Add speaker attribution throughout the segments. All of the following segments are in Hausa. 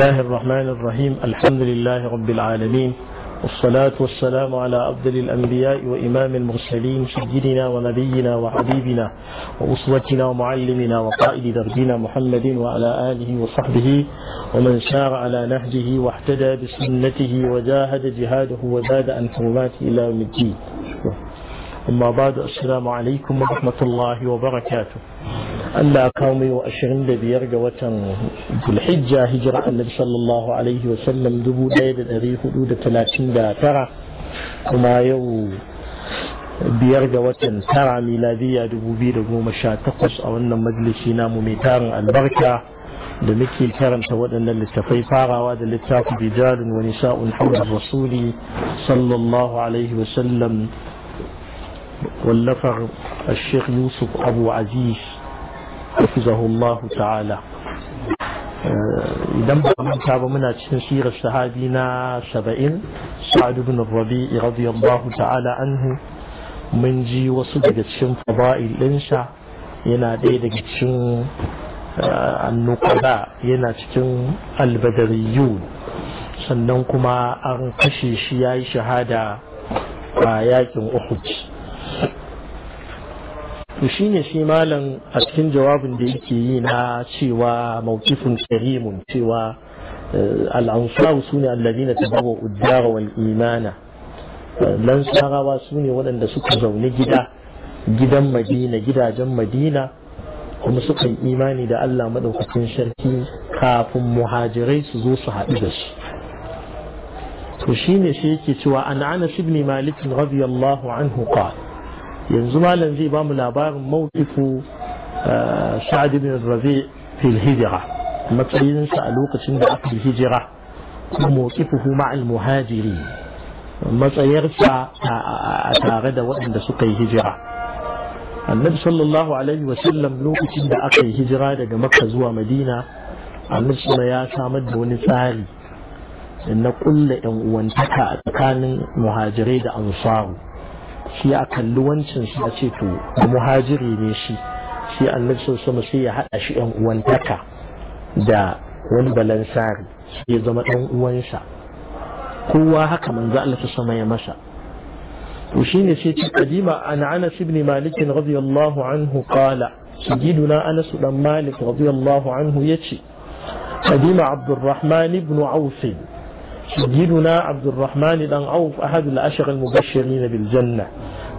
Speaker 1: الله الرحمن الرحيم الحمد لله رب العالمين والصلاة والسلام على أفضل الأنبياء وإمام المرسلين سيدنا ونبينا وحبيبنا وأسوتنا ومعلمنا وقائد دربنا محمد وعلى آله وصحبه ومن سار على نهجه واحتدى بسنته وجاهد جهاده وزاد أن حرماته إلى يوم الدين أما بعد السلام عليكم ورحمة الله وبركاته أن قومي وأشرين بذي يرقى وتن في الحجة هجرة النبي صلى الله عليه وسلم دبو ليلة ذي حدود ثلاثين دا ترى كما يو بيرقى وتن ترى ميلادية دبو بيد قوم تقص أو أن مجلس ينام ميتار البركة دمكي الكرم سواد أن اللي وهذا اللي تاك بجال ونساء حول الرسول صلى الله عليه وسلم واللفر الشيخ يوسف أبو عزيز hafizahu ta'ala eh, idan ba manta ba muna cikin sirar sahabi na saba'in sa'ad ibn rabi'i radiyallahu ta'ala anhu mun ji wasu daga cikin fada'il ɗinsa yana ɗaya daga cikin eh, annukada yana cikin albadariyun sannan kuma an kashe shi ya yi shahada a yakin uhud to shine shi malam a cikin jawabin da yake yi na cewa mawqifun karimun cewa eh, al-ansar sune alladhina na ta dara wal imana lan sarawa sune waɗanda suka zaune gida gidan madina gidajen madina kuma suka yi imani da Allah maɗaukacin sarki kafin muhajirai su zo su haɗu da su to shi yake cewa an anas ibn malik radiyallahu anhu qala yanzu malam zai ba mu labarin mawkifu sa'ad bin rabi fil hijira matsayinsa a lokacin da aka hijira mawkifuhu ma'al muhajiri matsayarsa a tare da waɗanda suka yi hijira annabi sallallahu alaihi wasallam lokacin da aka yi hijira daga makka zuwa madina annabi ya samar da wani tsari na kulla yan uwantaka a tsakanin muhajirai da ansaru shi ya kalli wancin su ya ce to muhajiri ne shi shi annabi sallallahu alaihi sai ya haɗa shi yan uwantaka da wani balansari sai ya zama ɗan uwansa kowa haka manzo Allah ta sama ya masa to shine sai ce kadima an Anas ibn Malik radiyallahu anhu qala sayyiduna Anas dan Malik radiyallahu anhu yace kadima Abdurrahman ibn سيدنا عبد الرحمن بن عوف أحد العشر المبشرين بالجنة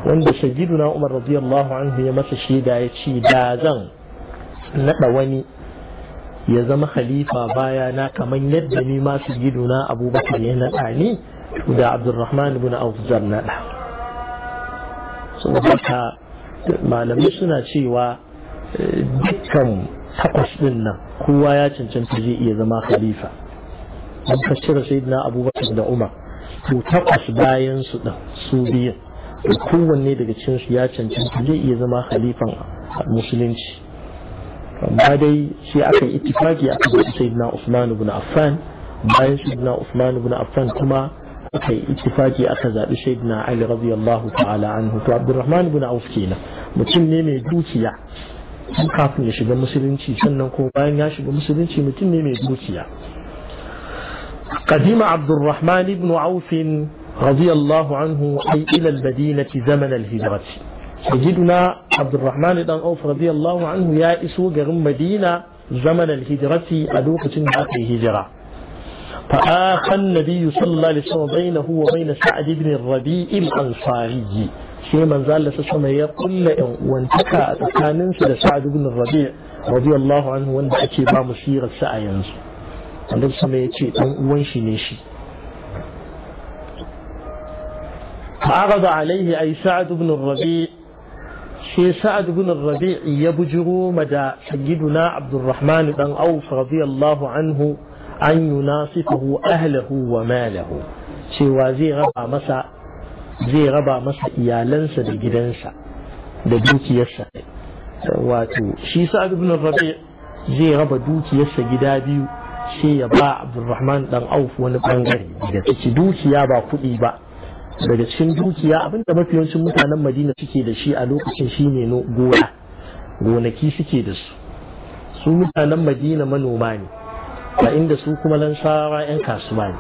Speaker 1: وعند سيدنا عمر رضي الله عنه يمس شيدا يتشي دازن نبواني ya zama khalifa baya na kamar yadda ni masu su abubakar ya naɗa ni da Abdulrahman ibn auf zan naɗa saboda haka malamai suna cewa dukkan takwas ɗin nan kowa ya cancanta zai iya zama khalifa an ka cire sayyidina abubakar da umar to takwas bayan su da su biyu kowanne daga cikin su ya cancanta zai iya zama halifan musulunci amma dai sai aka yi ittifaki aka zaɓi sayyidina usman ibn affan bayan sayyidina usman ibn affan kuma aka yi ittifaki aka zaɓi sayyidina ali radiyallahu ta'ala anhu to abdurrahman ibn auf kenan mutum ne mai dukiya kafin ya shiga musulunci sannan ko bayan ya shiga musulunci mutum ne mai dukiya قدم عبد الرحمن بن عوف رضي الله عنه أي إلى المدينة زمن الهجرة سيدنا عبد الرحمن بن عوف رضي الله عنه يا إسو قرم مدينة زمن الهجرة ألوكة باقي هجرة فآخى النبي صلى الله عليه وسلم بينه وبين سعد بن الربيع الأنصاري شيء manzo Allah يقول ya kulla yan uwantaka سعد بن الربيع رضي الله عنه وانتكى anhu wanda wanda su ya ce ɗan uwan shi ne shi fa'arar da alaihi a sa'ad ibnin rabi shi sa'ad ibnin rabi ya bujiro ma da sagiduna abdurrahman ɗan auf radiyallahu anhu an yi nasifahu wa malahu cewa zai raba masa zai masa iyalansa da gidansa da dukiyarsa wato shi sa'ad ibnin rabi zai raba dukiyarsa gida biyu shi ya ba abdurrahman dan auf wani bangare daga ciki dukiya ba kuɗi ba daga cikin dukiya abinda mafi yawancin mutanen madina suke da shi a lokacin shine no gona gonaki suke da su su mutanen madina manoma ne a inda su kuma lansara 'yan kasuwa ne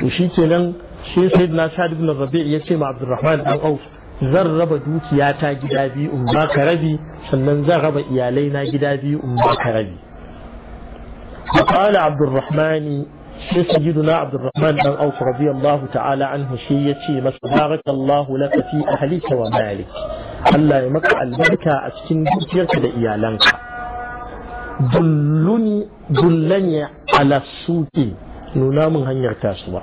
Speaker 1: to shi kenan shi sai na duk na ya ce ma abdurrahman dan auf zan raba dukiya gida biyu in ba ka rabi sannan zan raba iyalai na gida biyu in ba ka rabi قال عبد الرحمن sai sayyiduna abdurrahman dan auf radiyallahu ta'ala anhu shi yace masa barakallahu laka fi ahlika wa malik Allah ya maka albarka a cikin dukiyarka da iyalanka dulluni dullani ala suqi nuna mun hanyar kasuwa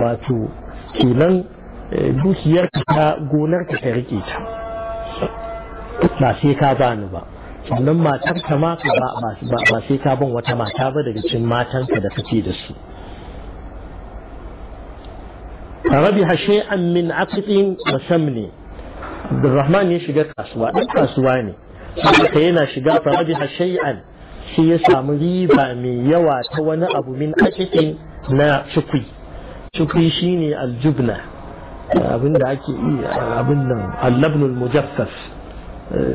Speaker 1: wato kenan dukiyarka ta gonarka ta rike ta ba sai ka bani ba sannan matar ta ma ba sai ka bin wata mata ba daga cikin matanka da kake da su hashe an min عقد وسمن samni. Rahman ya shiga kasuwa ɗan kasuwa ne ka yana shiga hashe an shi ya samu riba mai yawa ta wani abu min aqiqin na Cikwi shi shine aljubna abinda ake yi abin nan allabnul mujaffaf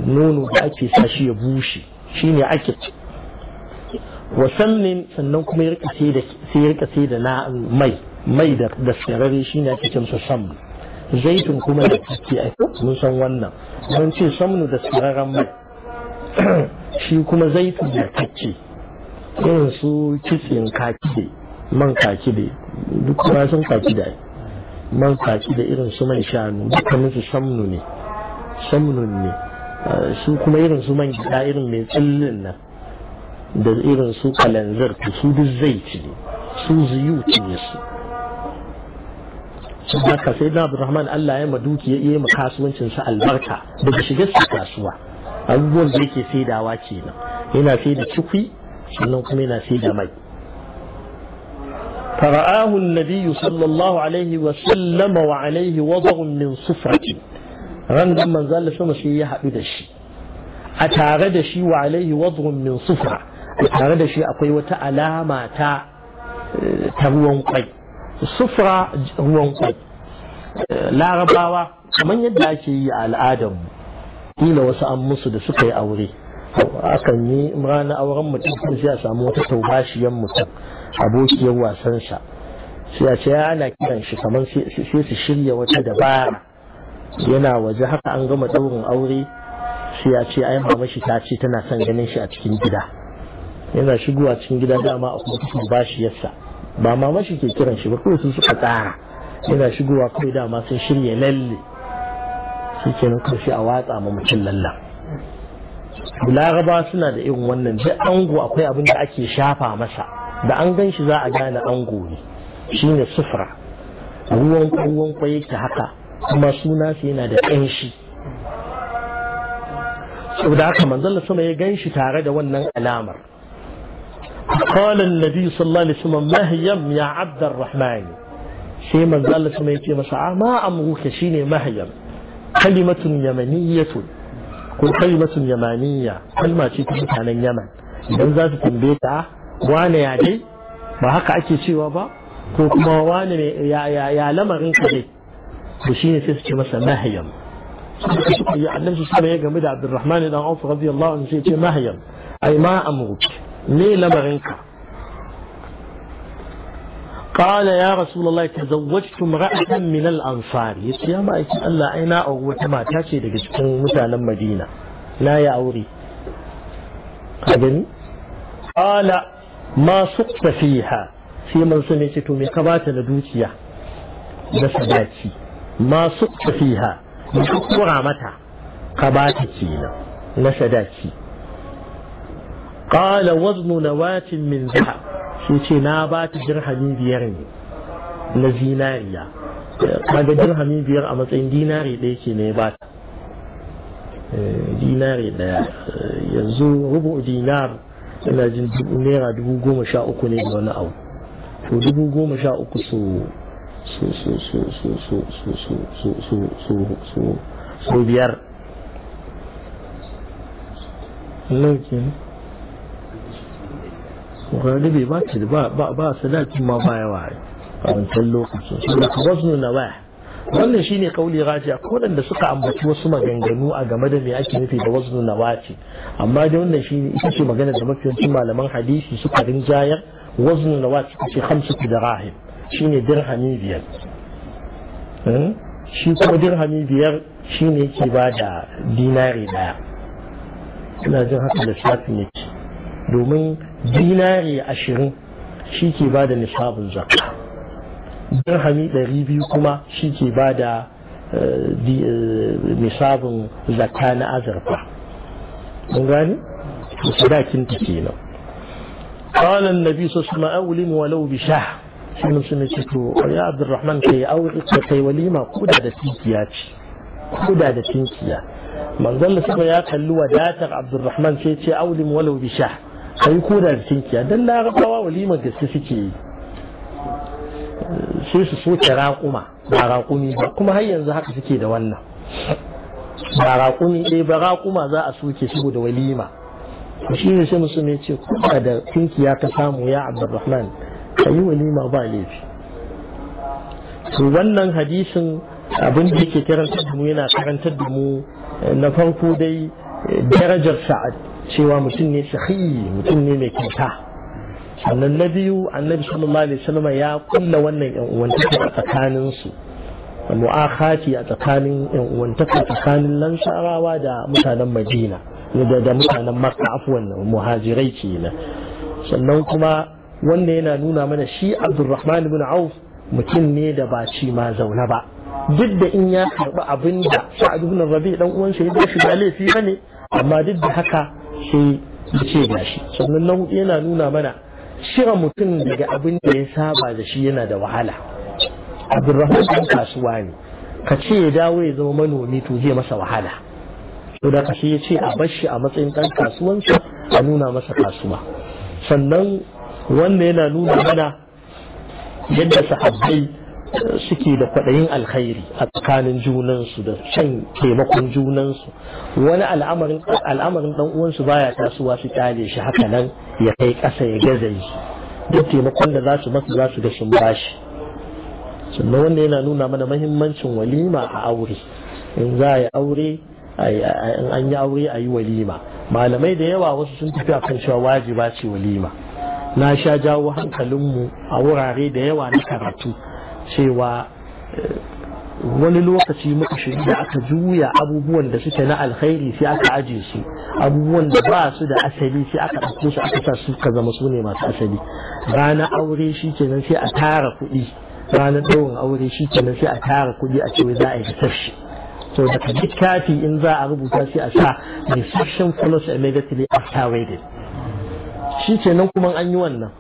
Speaker 1: nono da ake sa shi ya bushe shine ake wa wasannin sannan kuma ya rika sai da na mai mai da sirare shi shine ake cewa sam zaitun kuma da kike ake mun san wannan don ce samnu da sararen mai shi kuma zaitun da kike irin su kitsin kaki da man kaki da duk kuma sun kaki da man kaki da irin su mai shanu dukkanin su samnu ne ne su kuma irin su man gida irin mai tsallin nan da irin su kalanzar su duk zai ci ne su ziyu ci ne su sun haka sai na abdurrahman allah ya maduki ya iya ma kasuwancinsa albarka daga shiga su kasuwa abubuwan da yake saidawa kenan yana saida cikwi sannan kuma yana saida mai فرآه النبي صلى الله عليه وسلم وعليه وضع من صفرته ran nan manzo sama sai ya haɗu da shi a tare da shi wa alaihi min sufra a tare da shi akwai wata alama ta eh, ta ruwan kwai sufra ruwan kwai eh, larabawa kamar yadda ake yi a al'adar mu kila wasu an musu da suka yi aure akan yi ranar auren mutum kuma sai a samu wata taubashiyan mutum abokiyar wasansa sai a ce ana kiran shi kamar sai su shirya wata dabara yana waje haka an gama ɗaurin aure sai ya ce ai mama ta ce tana son ganin shi a cikin gida yana shigowa cikin gida dama a kuma kusan shi yassa ba mama shi ke kiran shi ba kuma sun suka tsara yana shigowa kawai dama sun shirya lalle shi ke nan karshe a watsa ma mutum lallan laraba suna da irin wannan duk ango akwai abin da ake shafa masa da an gan shi za a gane ango ne shine sufra ruwan ruwan kwaye ta haka kuma suna su yana da ƙanshi sau da aka manzan da suna ya gan tare da wannan alamar ƙalin da biyu sun lalace suna mahiyar ya abdar rahmani sai manzan da suna ya ce masa amma ah, an muke shi ne mahiyar kalimatun yamani ya tun ko kalimatun yamani ya kalmaci ta mutanen yaman idan za su tambe ta wane ya dai ba haka ake cewa ba ko kuma wane ya lamarin kare da shi ne sai su ce masa mahiyam ya annabi su sami ya game da abdurrahman dan auf radiyallahu anhu sai ce mahiyam ai ma amruk ne lamarinka qala ya rasulullah tazawwajtu imra'atan min al-ansar yace ya ma'aiki Allah ai na auri wata mata ce daga cikin mutanen Madina na ya aure ka gani qala ma sukta fiha sai mun sune ce to me ka bata na dukiya da sadaki Masu sukta fiha in kura mata ka ba ta kenan na sadaki wazmu na watin min zaha shi ce na ba ta dirhami biyar ne na zinariya kaga dirhami biyar a matsayin dinari ɗaya ke ne ba ta eh, dinari ɗaya eh, yanzu rubu dinar yana jin naira dubu goma sha uku ne da wani abu to dubu goma sha uku su. su su su su su su su su su su su su biyar laukin ƙwararri bai baci da ba ba su dakin ma baya wa a wancan lokacin su da wasu nuna baya wannan shine kauli rajiya ko da suka ambaci wasu maganganu a game da me ake nufi da wasu nuna wace amma da wannan shine ita ce magana da mafiyancin malaman hadisi suka rinjayar wasu nuna wace ce hamsu da rahim ne dirhami biyar hmm? shi kuma dirhami biyar ne yake ba da dinari daya ina jin haka lissafin yake domin dinari ashirin shi ke ba da nisabin zakka dirhami ɗari biyu kuma shi ke ba da eh, eh, nisabin zakka na azurfa mun gane? sadakin ta kenan قال النبي صلى الله عليه وسلم أولم ولو بشهر sai su ne ce to ya abdurrahman kai aure kai walima kuda da tinkiya ce kuda da tinkiya manzon da suka ya kalli wadatar abdurrahman sai ce aulim walau bi sha kai kuda da tinkiya dan larabawa walima gaske suke yi sai su soke raƙuma ba raƙumi ba kuma har yanzu haka suke da wannan ba raƙumi ɗaya eh, ba raƙuma za a soke saboda walima shi ne sai musu ne ce kuma da tinkiya ka samu ya abdurrahman ka yi walima ba laifi to wannan hadisin abin da yake karantar da mu yana karantar da mu eh, na farko dai eh, darajar sa'ad cewa mutum ne sahihi mutum ne mai kyauta sannan na biyu annabi sallallahu alaihi wasallam ya kulla wannan yan uwantaka a tsakanin su mu'akhati a tsakanin yan uwantaka tsakanin lansarawa da mutanen madina da mutanen makka afwan muhajirai kenan sannan kuma wanda yana nuna mana shi abdurrahman bin auf mutum ne da ba ci ma zaune ba duk da in ya karɓi abin da sa'ad ibn rabi dan uwansa ya bashi da laifi ba ne, amma duk da haka sai ya ce ba shi sannan na hudu yana nuna mana cire mutum daga abin da ya saba da shi yana da wahala abdurrahman ɗan kasuwa ne ka ce ya dawo ya zama manomi to zai masa wahala to da ka sai ya ce a bar shi a matsayin ɗan kasuwansa a nuna masa kasuwa sannan wannan yana nuna mana yadda sahabbai suke da kwaɗayin alkhairi a tsakanin junansu da shan taimakon junansu wani al'amarin dan uwansu baya tasowa su kyale shi haka nan ya kai ƙasa ya gaza shi duk taimakon da za su masa za su ga sun bashi sannan wanda yana nuna mana mahimmancin walima a aure in za a yi aure in an yi aure ayi walima malamai da yawa wasu sun tafi akan cewa wajiba ce walima na sha jawo hankalinmu a wurare da yawa na karatu cewa eh, wani lokaci muka shirya aka juya abubuwan da suke na alkhairi sai aka aje su abubuwan da ba su da asali sai aka ɗauko su aka sa su ka zama su ne masu asali ranar aure shi kenan sai a tara kuɗi ranar ɗaurin aure shi kenan sai a tara kuɗi a cewa za a yi reception so daga littafi in za a rubuta sai a sa mai sashen follows immediately after wedding shi kenan kuma an yi wannan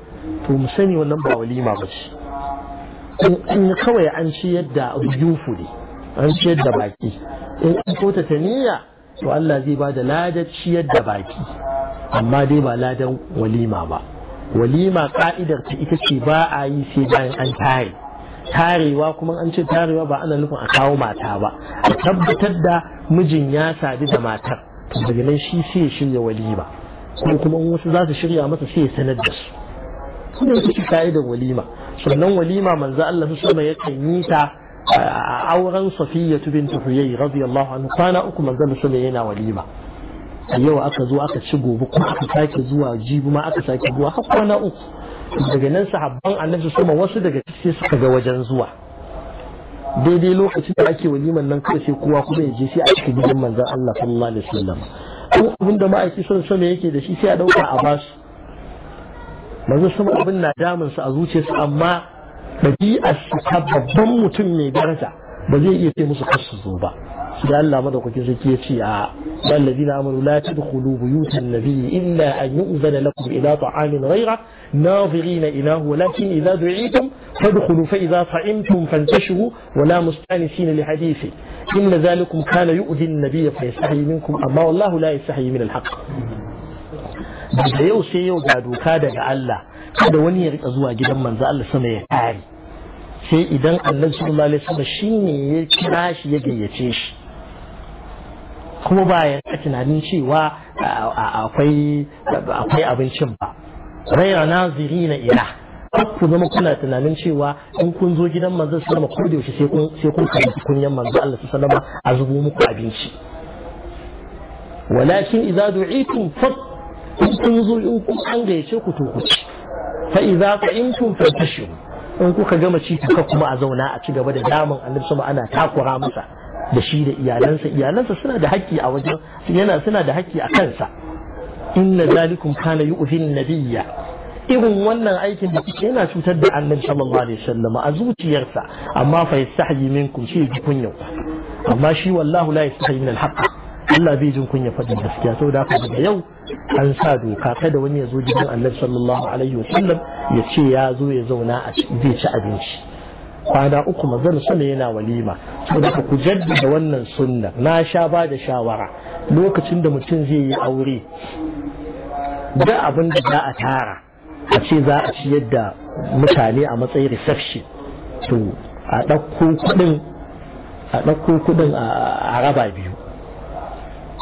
Speaker 1: to mu sani wannan ba walima ba shi. an kawai an ci yadda yufu ne an ci yadda baki in an kota ta niyya to Allah zai ba da ladar ciyar da baki amma dai ba ladan walima ba walima ka'idar ta ita ce ba a yi sai bayan an tare tarewa kuma an ce tarewa ba ana nufin a kawo mata ba a tabbatar da mijin ya sadu da matar daga nan shi sai shirya walima sai kuma wasu za su shirya masa sai ya sanar da su su ne da walima sannan walima manzo Allah su sama yakan yi ta a auren Safiya bint Huyay radiyallahu anhu kwana uku manzo su yana walima A yau aka zo aka ci gobe kuma aka sake zuwa jibi ma aka sake zuwa har kwana uku daga nan sahabban annabi sama wasu daga ciki suka ga wajen zuwa daidai lokacin da ake waliman nan kawai sai kowa kuma ya je sai a cikin gidan manzon Allah sallallahu alaihi wasallam duk abin da ma'aiki sun so yake da shi sai a dauka a ba su manzo sun abin na damun su a zuciyarsu amma ɗabi'ar su ta babban mutum mai daraja ba zai iya ce musu kar su zo ba da Allah madaukakin sarki ya ce a wal ladina amanu la tadkhulu buyutan nabiyyi illa an yu'zana lakum ila ta'amin ghayra nadhirina ilahu walakin idha du'itum fadkhulu fa idha fa'imtum fantashiru wa la mustanisina li hadithi inna zalikum kana yu'zi an-nabiy fa yastahi minkum amma wallahu la yastahi min al yau sai yau ga doka daga Allah kada wani ya rika zuwa gidan manzo Allah sama ya kare sai idan Allah sallallahu shi ne shine ya kira shi ya gayyace shi kuma ba ya tunanin cewa akwai abincin ba ghayra nazirina ila ku zama kuna tunanin cewa in kun zo gidan manzo sallama ko da yaushe sai kun sai kun kunyan manzo Allah sallama a zubo muku abinci walakin idza du'itum fa in kun zo in kun an gayyace ku to ku ci fa idza qa'imtum fantashiru in kuka gama ci ka kuma a zauna a ci gaba da damun annabi sama ana takura masa da shi da iyalansa iyalansa suna da haƙƙi a wajen yana suna da haƙƙi a kansa inna zalikum kana yi nabiyya irin wannan aikin da kuke yana cutar da annabi sallallahu alaihi wasallam a zuciyarsa amma fa yastahi minkum shi ji kunyan amma shi wallahu la yastahi min alhaq Allah bai jin kunya faɗi gaskiya saboda haka daga yau an sa doka kada wani ya zo gidan annabi sallallahu alaihi wasallam ya ce ya zo ya zauna a zai ci abinci kwana uku mazan sama yana walima saboda ku jaddada wannan sunna na sha ba da shawara lokacin da mutum zai yi aure da abin da za a tara a ce za a ciyar da mutane a matsayin reception to a ɗauko kuɗin a ɗauko kuɗin a raba biyu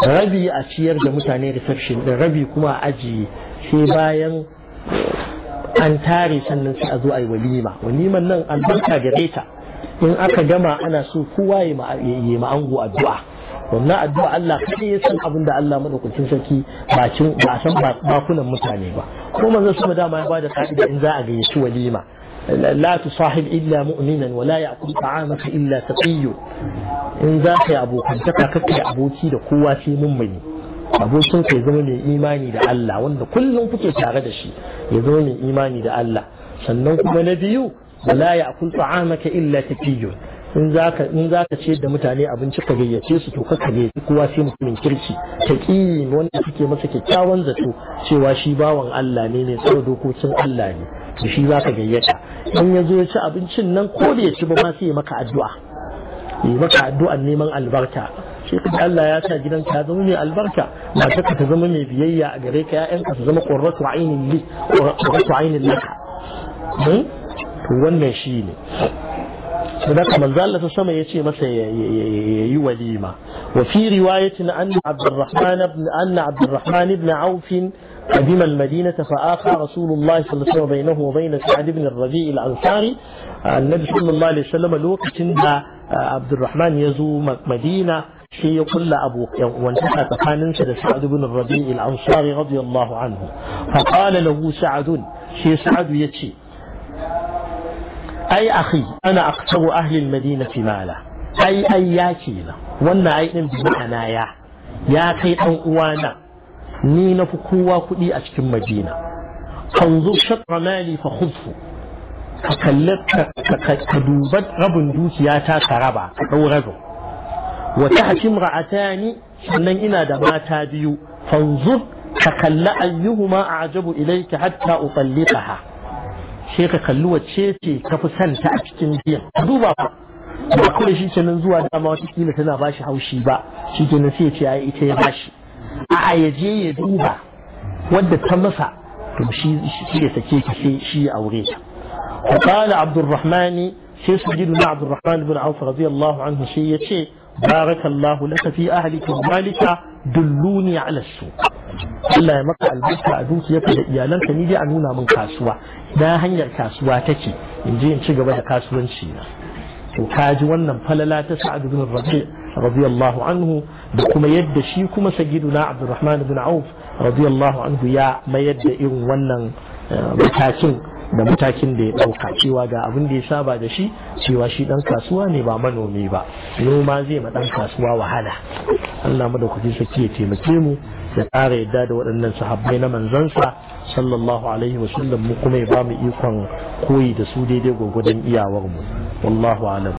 Speaker 1: rabi a ciyar da mutane reception ɗin rabi kuma a ajiye sai bayan an tare sannan sai a zo a yi walima waliman nan barka da reta in aka gama ana so kowa ya yi ma'ango addu'a wannan addu'a Allah kai ya san abin da Allah madaukakin sarki cin ba san bakunan mutane ba ko manzon sama dama ya bada ka'ida in za a gayyaci walima la tusahib illa mu'minan wa la ya'kul ta'amaka illa taqiyyu in za ka yi abokantaka ka kai aboki da kowa sai mai abokin ka ya zama mai imani da Allah wanda kullum kuke tare da shi ya zama mai imani da Allah sannan kuma na biyu wala ya'kul ta'amaka illa taqiyyu in za ka ce da mutane abinci ka gayyace su to ka gayyaci kowa sai mutumin kirki taqi wanda suke masa kyakkyawan zato cewa shi bawan Allah ne mai tsaro dokokin Allah ne to shi ka gayyata in ya ya ci abincin nan ko da ya ci ba ma sai ya maka addu'a yi maka addu'an neman albarka shi kuma Allah ya sa gidan ka zama mai albarka matarka ta zama mai biyayya a gare ka yayan ka su zama qurratu ainin li qurratu ainin laka hmm? wannan shi هناك من زال تسمى يتي مسا يوليما وفي رواية أن عبد الرحمن بن أن عبد الرحمن بن عوف قدم المدينة فآخى رسول الله صلى الله عليه وسلم بينه وبين سعد بن الربيع الأنصاري النبي صلى الله عليه وسلم الوقت عند عبد الرحمن يزو مدينة شيء يقول أبو وانتهى تقانن سعد بن الربيع الأنصاري رضي الله عنه فقال له سعد شيء سعد يتي أي أخي أنا أقتر أهل المدينة في مالا أي أي ياكينا وانا أي بمعنى يا يا كي أوانا نين فكوا كلي أشكم مدينة فانظر شطر مالي فخذه فكلت كدوبت رب دوس يا تاك ربع أو غزو وتحت امرأتاني أنا إنا دما تابيو فانظر فكل أيهما أعجب إليك حتى أطلقها sheka kalluwa kalli wacce ce ka santa a cikin biyan duba ba ba kawai shi ce nan zuwa dama wata kila tana ba shi haushi ba shi ke nan sai ce ai ita ya ba shi a ya je ya duba wanda ta masa to shi shi ya sake ki sai shi ya aure ta qala عبد sai sujudu na abdurrahman الرحمن auf radiyallahu anhu shi عنه شيء barakallahu laka fi ahlika wa malika dulluni ala suq Allah ya maka albarka a dukiyarka da iyalanka ni dai a nuna min kasuwa na hanyar kasuwa take in je in ci gaba da kasuwanci na to kaji wannan falala ta sa'ad bin rabi radiyallahu anhu da kuma yadda shi kuma na abdurrahman bin auf radiyallahu anhu ya mayar da irin wannan eh, matakin da matakin da ya ɗauka cewa ga abin da ya saba da shi cewa shi ɗan kasuwa ne ba manomi ba noma zai ma ɗan kasuwa wahala Allah madaukakin sake ya taimake mu da ƙara yadda da waɗannan sahabbai na manzansa sallallahu alaihi wasallam mu kuma ya ba mu ikon koyi da su daidai gwagwadon iyawarmu wallahu alam